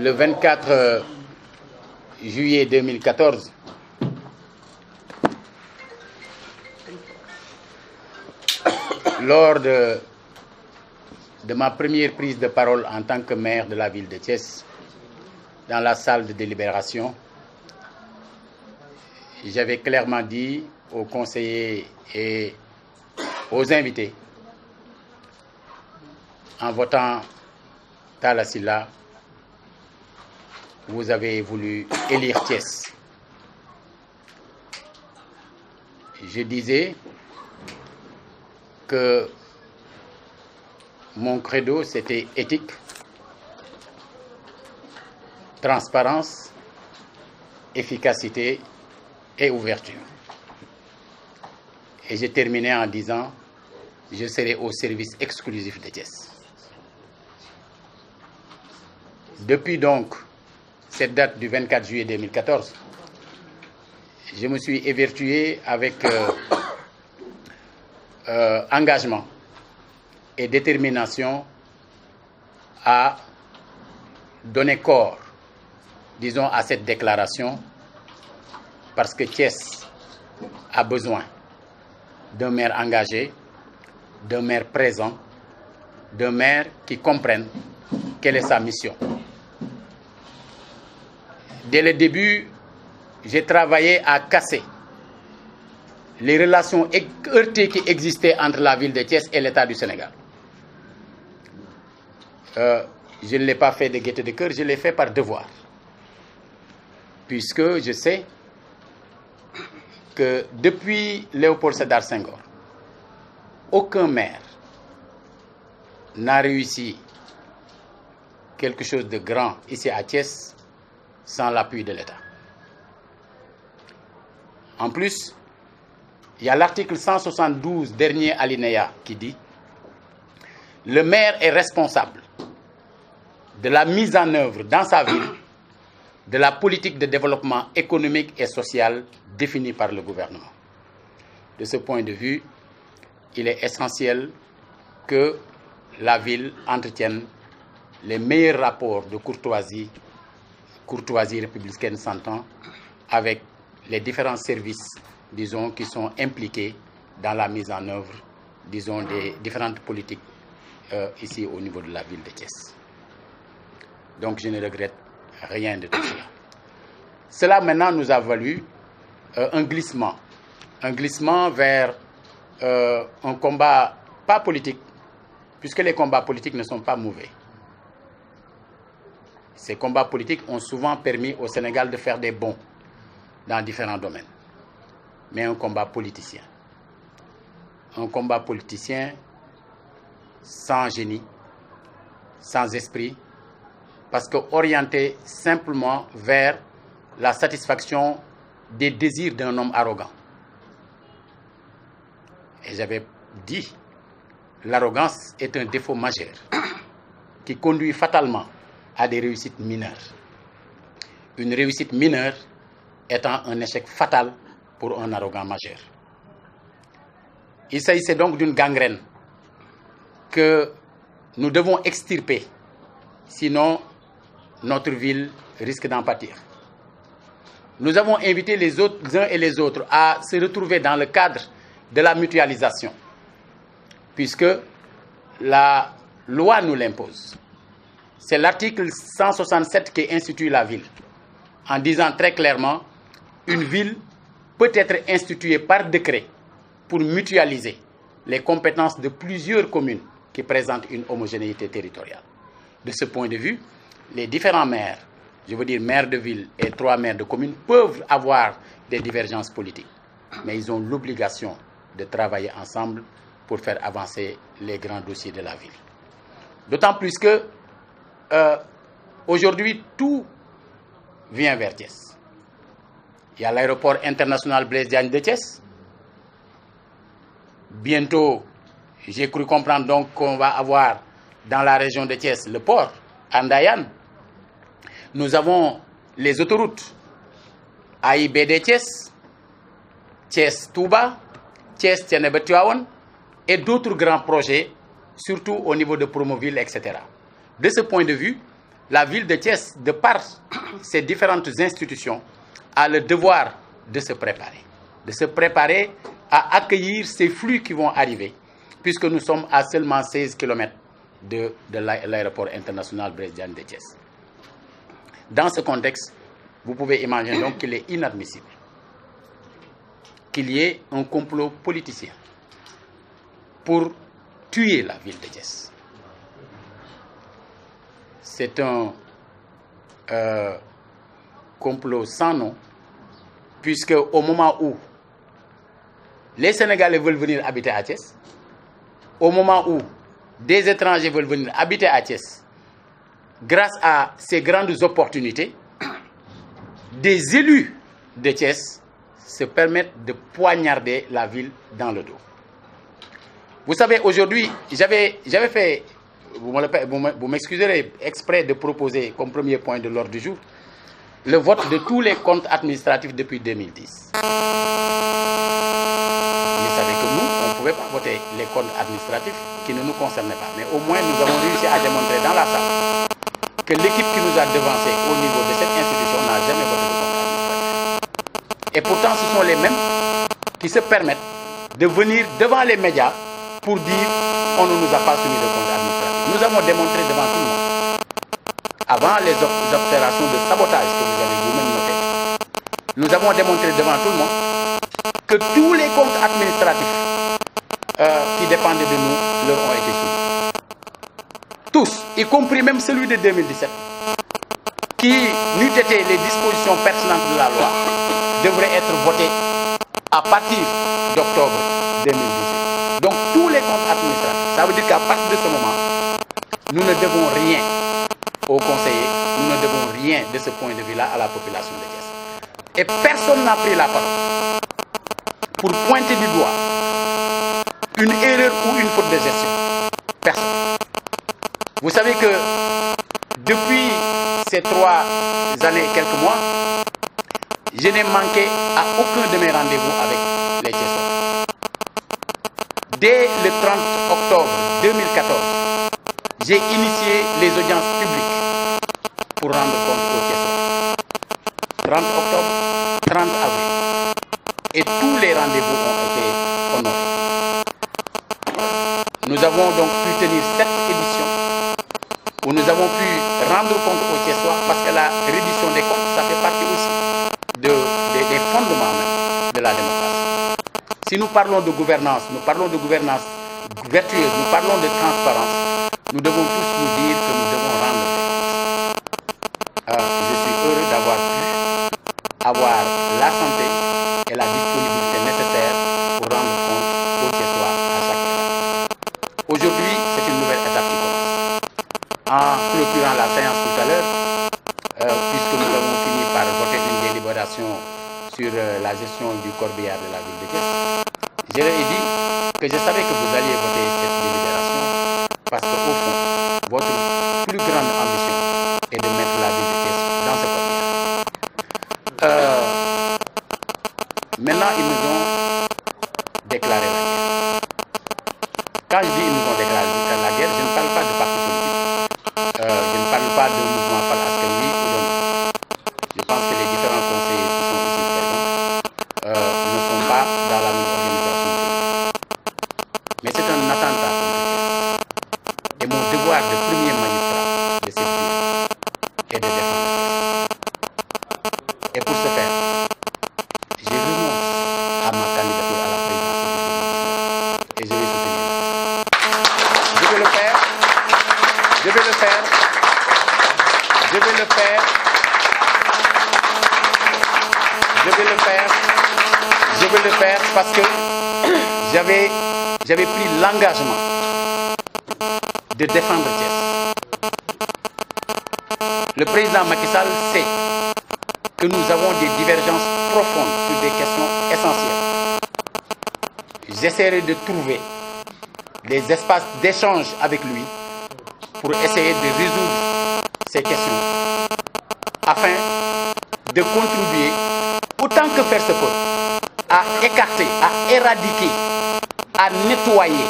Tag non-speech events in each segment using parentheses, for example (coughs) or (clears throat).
le 24 euh, juillet 2014, lors de, ma première prise de parole en tant que maire de la ville de Thiès, dans la salle de délibération, j'avais clairement dit aux conseillers et aux invités, en votant Talasila vous avez voulu élire Thiès. Je disais que mon credo, c'était éthique, transparence, efficacité et ouverture. Et j'ai terminé en disant, je serai au service exclusif de Thiès. Depuis donc cette date du 24 juillet 2014, je me suis évertué avec euh, (coughs) euh, engagement et détermination à donner corps, disons, à cette déclaration, parce que Thiès a besoin d'un maire engagé, d'un maire présent, d'un maire qui comprenne quelle est sa mission. Dès le début, j'ai travaillé à casser les relations heurtées qui existaient entre la ville de Thiès et l'État du Sénégal. Euh, je ne l'ai pas fait de gaieté de cœur, je l'ai fait par devoir. Puisque je sais que depuis Léopold Sédar Senghor, aucun maire n'a réussi quelque chose de grand ici à Thiès sans l'appui de l'État. En plus, il y a l'article 172, dernier alinéa, qui dit Le maire est responsable de la mise en œuvre dans sa ville de la politique de développement économique et social définie par le gouvernement. De ce point de vue, il est essentiel que la ville entretienne les meilleurs rapports de courtoisie courtoisie républicaine s'entend avec les différents services, disons, qui sont impliqués dans la mise en œuvre, disons, des différentes politiques euh, ici au niveau de la ville de Thiès. Donc je ne regrette rien de tout cela. Cela maintenant nous a valu euh, un glissement, un glissement vers euh, un combat pas politique, puisque les combats politiques ne sont pas mauvais, ces combats politiques ont souvent permis au Sénégal de faire des bons dans différents domaines. Mais un combat politicien. Un combat politicien sans génie, sans esprit, parce que orienté simplement vers la satisfaction des désirs d'un homme arrogant. Et j'avais dit, l'arrogance est un défaut majeur qui conduit fatalement à des réussites mineures. Une réussite mineure étant un échec fatal pour un arrogant majeur. Il s'agissait donc d'une gangrène que nous devons extirper, sinon notre ville risque d'en pâtir. Nous avons invité les, autres, les uns et les autres à se retrouver dans le cadre de la mutualisation, puisque la loi nous l'impose. C'est l'article 167 qui institue la ville, en disant très clairement, une ville peut être instituée par décret pour mutualiser les compétences de plusieurs communes qui présentent une homogénéité territoriale. De ce point de vue, les différents maires, je veux dire maires de ville et trois maires de communes, peuvent avoir des divergences politiques, mais ils ont l'obligation de travailler ensemble pour faire avancer les grands dossiers de la ville. D'autant plus que euh, aujourd'hui, tout vient vers Thiès. Il y a l'aéroport international Blaise Diagne de Thiès. Bientôt, j'ai cru comprendre donc qu'on va avoir dans la région de Thiès le port, Andayan. Nous avons les autoroutes AIB de Thiès, Thiès Touba, Thiès Tianabatuawan et d'autres grands projets, surtout au niveau de Promoville, etc. De ce point de vue, la ville de Thiès, de par (clears throat) ses différentes institutions, a le devoir de se préparer, de se préparer à accueillir ces flux qui vont arriver, puisque nous sommes à seulement 16 km de, l'aéroport international brésilien de Thiès. Dans ce contexte, vous pouvez imaginer donc qu'il est inadmissible qu'il y ait un complot politicien pour tuer la ville de Thiès c'est un euh, complot sans nom, puisque au moment où les Sénégalais veulent venir habiter à Thiès, au moment où des étrangers veulent venir habiter à Thiès, grâce à ces grandes opportunités, des élus de Thiès se permettent de poignarder la ville dans le dos. Vous savez, aujourd'hui, j'avais fait vous m'excuserez exprès de proposer comme premier point de l'ordre du jour le vote de tous les comptes administratifs depuis 2010. Vous savez que nous, on ne pouvait pas voter les comptes administratifs qui ne nous concernaient pas. Mais au moins, nous avons réussi à démontrer dans la salle que l'équipe qui nous a devancés au niveau de cette institution n'a jamais voté de compte administratif. Et pourtant, ce sont les mêmes qui se permettent de venir devant les médias pour dire on ne nous a pas soumis de compte. Nous avons démontré devant tout le monde, avant les opérations de sabotage que vous avez vous-même notées, nous avons démontré devant tout le monde que tous les comptes administratifs euh, qui dépendaient de nous leur ont été soumis. Tous, y compris même celui de 2017, qui n'eût été les dispositions pertinentes de la loi, devraient être votés à partir d'octobre 2017. Donc tous les comptes administratifs, ça veut dire qu'à partir nous ne devons rien aux conseillers, nous ne devons rien de ce point de vue-là à la population de Thiès. Et personne n'a pris la parole pour pointer du doigt une erreur ou une faute de gestion. Personne. Vous savez que depuis ces trois années quelques mois, je n'ai manqué à aucun de mes rendez-vous avec les Thiessois. Dès le 30 octobre 2014, j'ai initié les audiences publiques pour rendre compte au TSOA. 30 octobre, 30 avril. Et tous les rendez-vous ont été honorés. Nous avons donc pu tenir cette édition où nous avons pu rendre compte au TSOA parce que la reddition des comptes, ça fait partie aussi de, des fondements de la démocratie. Si nous parlons de gouvernance, nous parlons de gouvernance vertueuse, nous parlons de transparence, nous devons tous nous dire que nous devons rendre compte. Euh, je suis heureux d'avoir pu avoir la santé et la disponibilité nécessaire pour rendre compte au territoire à chaque étape. Aujourd'hui, c'est une nouvelle étape qui commence. En clôturant la séance tout à l'heure, euh, puisque nous avons fini par voter une délibération sur euh, la gestion du corbillard de la ville de Thiès, j'ai dit que je savais que Euh, maintenant, ils nous ont déclaré la guerre. Quand je dis ils nous ont déclaré, Je vais le faire. Je vais le faire parce que j'avais, j'avais pris l'engagement de défendre Thiès. Le président Macky Sall sait que nous avons des divergences profondes sur des questions essentielles. J'essaierai de trouver des espaces d'échange avec lui pour essayer de résoudre ces questions afin de contribuer autant que faire se peut à écarter, à éradiquer, à nettoyer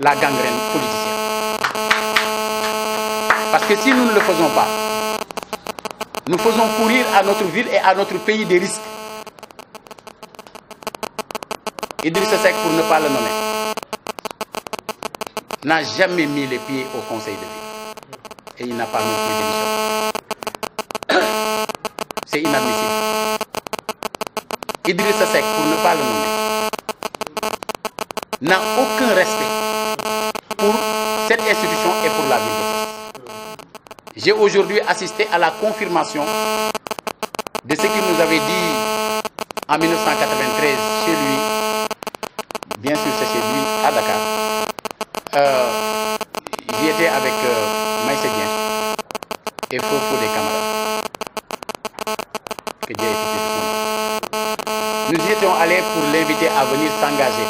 la gangrène politicienne. Parce que si nous ne le faisons pas, nous faisons courir à notre ville et à notre pays des risques. Idriss Seck, pour ne pas le nommer, n'a jamais mis les pieds au Conseil de ville il n'a pas montré d'émission. (coughs) C'est inadmissible. Idrissa Seck, pour ne pas le nommer, n'a aucun respect pour cette institution et pour la ville J'ai aujourd'hui assisté à la confirmation de ce qu'il nous avait dit en 1993 chez lui Nous y étions allés pour l'inviter à venir s'engager,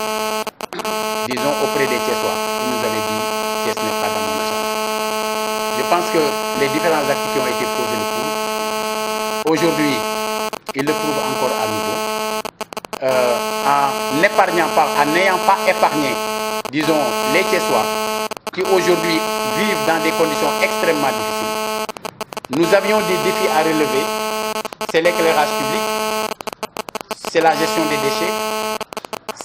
disons, auprès des Thiessois. Il nous avait dit, ce n'est pas dans mon agenda. Je pense que les différents actes qui ont été posés le prouvent. aujourd'hui, il le prouvent encore à nouveau. Euh, en n'épargnant pas, n'ayant pas épargné, disons, les Thiessois, qui aujourd'hui vivent dans des conditions extrêmement difficiles. Nous avions des défis à relever, c'est l'éclairage public, c'est la gestion des déchets,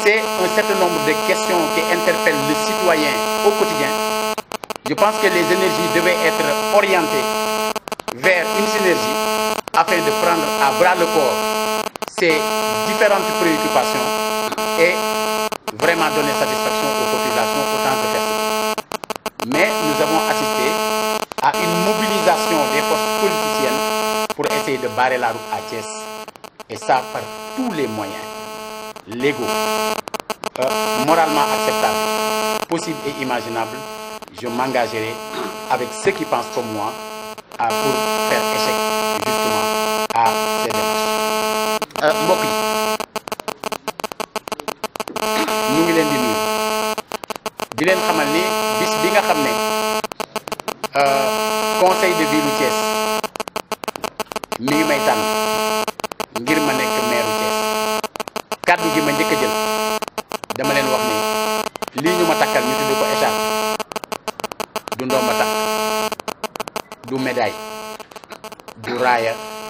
c'est un certain nombre de questions qui interpellent le citoyen au quotidien. Je pense que les énergies devaient être orientées vers une synergie afin de prendre à bras le corps ces différentes préoccupations et vraiment donner satisfaction aux populations autant que possible. Mais nous avons assisté à une mobilisation des forces politiciennes pour essayer de barrer la route à Thiès et ça par tous les moyens légaux, euh, moralement acceptables, possibles et imaginables, je m'engagerai avec ceux qui pensent comme moi pour faire échec justement à ces démarches. Euh,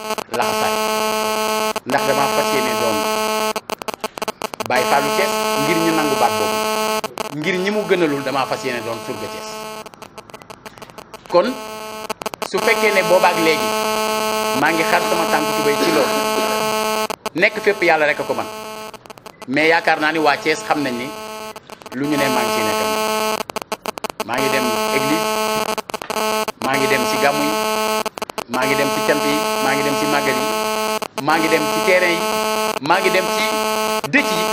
laxasaay ndax dama fas yéene doon Baye Fallou Thiès ngir ñu nangu baat boobu ngir ñi mu gënalul damaa fas yéene doon surga Thiès kon su fekkee ne boobaak léegi maa ngi xar sama tànk tubéy ci loolu nekk fépp yàlla rek a ko man mais yaakaar naa ni waa Thiès xam nañ ni lu ñu ne maa ngi ciy nekk maa ngi dem église maa ngi dem si gàmmu yi maa ngi dem si cant ngi dem ci magali yi ngi dem ci terrain yi maa ngi dem ci dëkk yi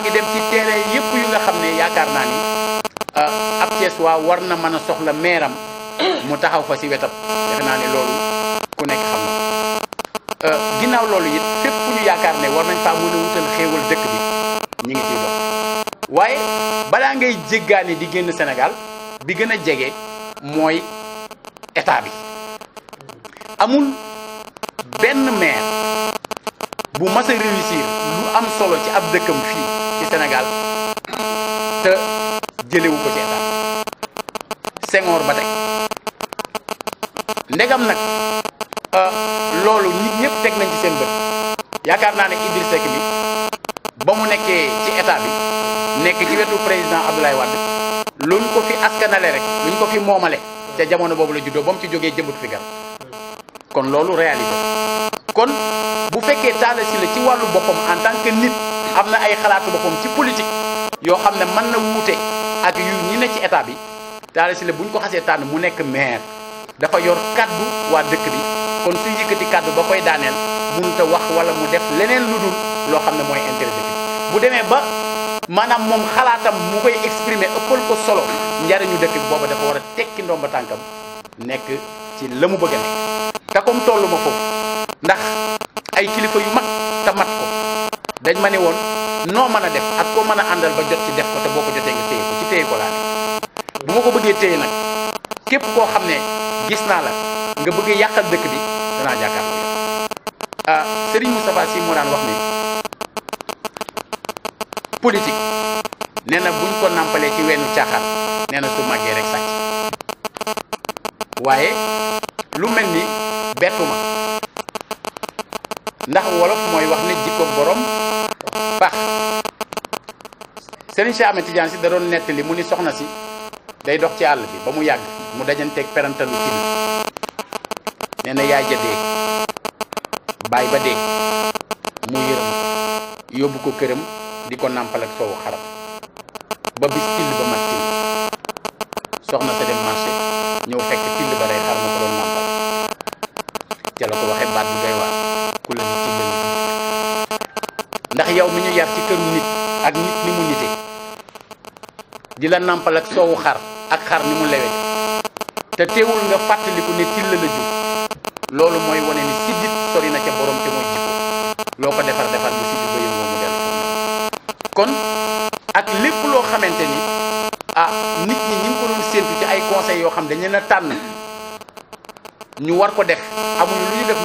ngi dem ci terrain yi yëpp yu nga xam ne yaakaar naa ni ah, ab Cees waa war na mën a soxla meeram (coughs) mu taxaw fa ci wetam defe naa ne loolu ku nekk xam na ah, ginnaaw loolu it fépp yu ñu yaakaar ne war nañ faa mën a wutal xéewal dëkk bi ñi ngi ciy dox waaye balaa ngay jéggaani di génn Sénégal bi gën a jege état bi amul benn maire bu mas a réussir lu am solo ci ab dëkkam fii ci senegal te jëlewu ko ci état Senghor ba tey ndegam nag euh, loolu nit ñëpp teg nañ ci seen bët yaakaar naa ne Idriss sekk bi ba mu nekkee ci état bi nekk ci wetu président Abdoulaye Wade luñ ko fi askanale rek ñu ko fi moomale ca jamono boobu la juddoo ba mu ci jógee jëmbut fi gar kon loolu réalité kon bu fekkee Talla Sylla ci wàllu boppam en tant que nit am na ay xalaatu boppam ci politique yoo xam ne mën na wuute ak yu ñi na ci état bi Talla Sylla bu ñu ko xasee tànn mu nekk maire dafa yor kàddu waa dëkk bi kon su yëkkati kàddu ba koy daaneel mënut a wax wala mu def leneen lu dul loo xam ne mooy intérêt bi bu demee ba maanaam moom xalaatam mu koy exprimer ëppal ko solo njariñu dëkk bi booba dafa war a tekki ndomba tànkam nekk ci la mu ta comme tollu ma foofu ndax ay kilifa yu mag ta mat ko dañ mané won no mana def ak ko mana andal ba jot ci def ko te boko ko nga téye ko ci téye ko la bu mako bëggé bëggee nak képp ko xamné gis na la nga bëggé yakal dëkk bi dana jakkar ah Serigne Moustapha Sy moo daan wax ni politique nee buñ ko nampalé ci wénu tiaxar nee su maggé rek sax wayé lu melni bettuma ndax wolof mooy wax ne jikko boroom baax Serigne Cheikh Ahmed Tidiane si da doon nettali mu ni soxna si day dox ci àll bi ba mu yàgg mu dajanteeg perantalu cin nee na yaay ja dee baay ba dee mu yërëm yóbbu ko këram di ko nàmpal ak soowu xaram ba bis till ba yow mi ñu yar ci kër nit ak nit ni mu nite di la nàmpal ak soowu xar ak xar ni mu lewe te teewul nga fàttaliku ne till la jur loolu mooy wane ni siddit sori na ca borom te loo ko defar defar bu siddit mu kon ak lépp loo xamante ni ah nit ñi ñi ko doon ci ay conseils yoo xam dañ leen a tànn ñu war ko def amuñu lu def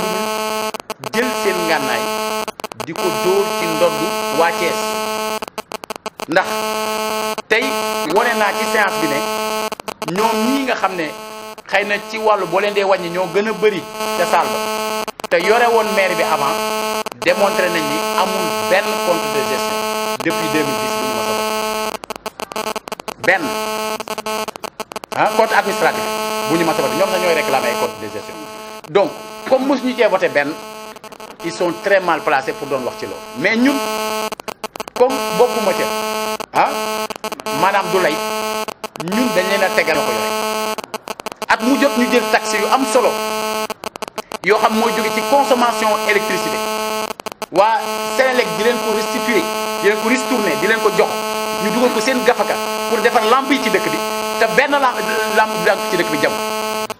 lu jël seen ngànnaay di ko dóor ci ndoddu waa Thiès ndax tey wane naa ci séance bi ne ñoom ñii nga xam ne xëy na ci wàllu boo leen dee wàññi ñoo gën a bëri ca saal ba te yore woon maire bi avant démontré nañ ni amul benn compte de gestion depuis 2010 bu ñu mos a benn ah compte administratif bu ñu mos a ñoom na ñooy réclamer ay compte de gestion donc comme mosu ñu cee voté benn. ils sont très mal placés pour donner. leur ci mais nous, comme beaucoup de ah nous du nous ñun dañ leen a tegal nous, des at mu nous ñu yu am solo consommation électricité Wa, la di nous ko restituer di ko di ko jox ñu la ko Nous gafaka pour défendre lamp yi ci bi nous la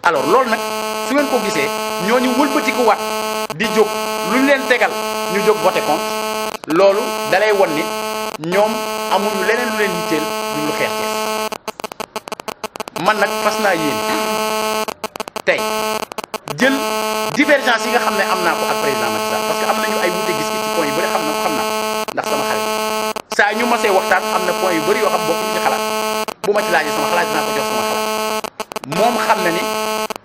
alors que nous, ko Nous, ko lu ñu leen tegal ñu jóg voté contre loolu dalay won ni ñoom amuñu leneen lu leen yitteel duñ lu xeex Cees man nag fas naa yéen tey jël divergence yi nga xam ne am naa ko ak président Macky Sall parce que am ay wuute gis-gis yu bëri xam na xam naa ndax sama xarit saa ñu masee waxtaan am na point yu bëri yoo xam bokkuñ ci xalaat bu ma ci laajee sama xalaat dinaa ko jox sama xalaat moom xam na ni.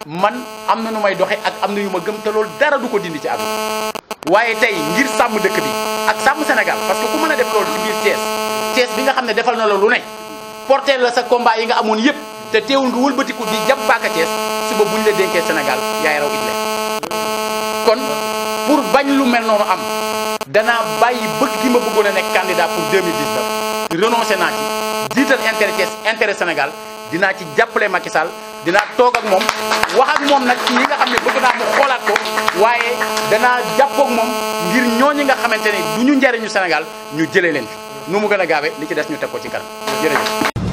man am na nu may doxe ak am na yu ma gëm te loolu dara du ko dindi ci àdduna waaye tey ngir sàmm dëkk bi ak sàmm senegal parce que ku mën a def loolu ci biir Thiès bi nga xam ne defal na la lu ne porter la sa combat yi nga amoon yëpp te teewul nga wëlbatiku di jàpp paaka Thiès suba buñ la dénkee Sénégal yaay raw it kon pour bañ lu mel noonu am danaa bàyyi bëgg gi ma bëggoon a nekk candidat pour 2019 renoncé naa ci jiital intérêt Thiès intérêt Sénégal dinaa ci jàppale Macky Sall dinaa toog ak moom wax ak moom nag ñi nga xam ne bëgg naa mu xoolaat ko waaye danaa jàppoog moom ngir ñi nga xamante ne du ñu njariñu Sénégal ñu jëlee leen fi nu mu gën a gaawee li ci des ñu teg ko ci kanam jërëjëf